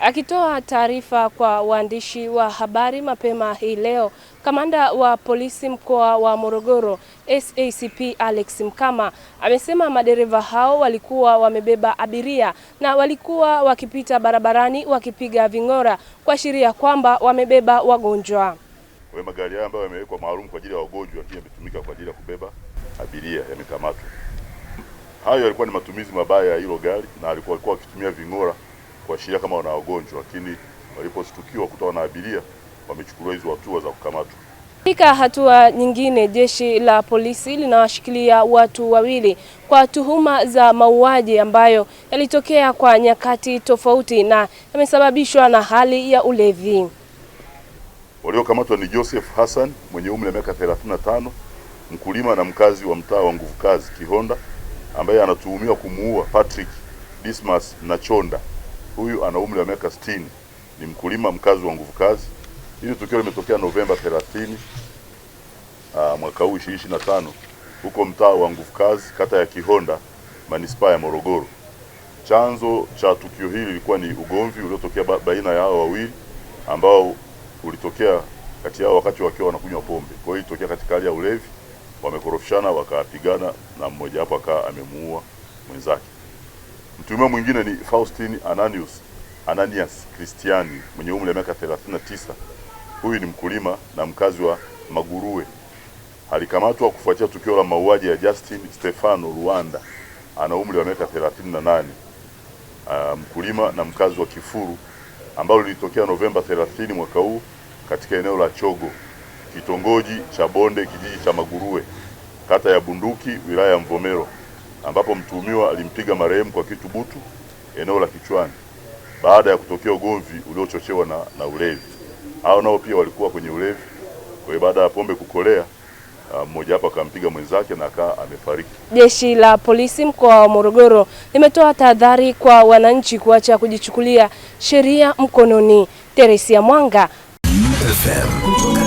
Akitoa taarifa kwa waandishi wa habari mapema hii leo, kamanda wa polisi mkoa wa Morogoro SACP Alex Mkama amesema madereva hao walikuwa wamebeba abiria na walikuwa wakipita barabarani wakipiga ving'ora kuashiria kwamba wamebeba wagonjwa. Kwa magari haya ambayo yamewekwa maalum kwa ajili ya wagonjwa, pia yametumika kwa ajili ya kubeba abiria, yamekamatwa. Hayo yalikuwa ni matumizi mabaya ya hilo gari na alikuwa wakitumia ving'ora kuashiria kama wana wagonjwa, lakini waliposhtukiwa kutoa na abiria wamechukuliwa hizo hatua za kukamatwa. Katika hatua nyingine, jeshi la polisi linawashikilia watu wawili kwa tuhuma za mauaji ambayo yalitokea kwa nyakati tofauti na yamesababishwa na hali ya ulevi. Waliokamatwa ni Joseph Hassan mwenye umri wa miaka 35, mkulima na mkazi wa mtaa wa Nguvukazi Kihonda, ambaye anatuhumiwa kumuua Patrick Dismas Nachonda huyu ana umri wa miaka 60, ni mkulima mkazi wa nguvu kazi. Hili tukio limetokea Novemba 30 ah, mwaka huu 2025 huko mtaa wa nguvu kazi, kata ya Kihonda, manispaa ya Morogoro. Chanzo cha tukio hili lilikuwa ni ugomvi uliotokea baina ya hao wawili ambao ulitokea kati yao wakati wakiwa wanakunywa pombe. Kwa hiyo ilitokea katika hali ya ulevi, wamekorofishana wakapigana, na mmoja hapo akawa amemuua mwenzake. Mtuhumiwa mwingine ni Faustin Ananius Ananias Kristiani mwenye umri wa miaka 39. Huyu ni mkulima na mkazi wa Maguruwe. Alikamatwa kufuatia tukio la mauaji ya Justin Stefano Rwanda, ana umri wa miaka 38, uh, ah, mkulima na mkazi wa Kifuru, ambalo lilitokea Novemba 30 mwaka huu katika eneo la Chogo, kitongoji cha Bonde, kijiji cha Maguruwe, kata ya Bunduki, wilaya ya Mvomero ambapo mtuhumiwa alimpiga marehemu kwa kitu butu eneo la kichwani baada ya kutokea ugomvi uliochochewa na, na ulevi. Hao nao pia walikuwa kwenye ulevi, kwa hiyo baada ya pombe kukolea ah, mmoja hapo akampiga mwenzake na akaa amefariki. Jeshi la polisi mkoa wa Morogoro limetoa tahadhari kwa wananchi kuacha kujichukulia sheria mkononi. Teresia Mwanga FM.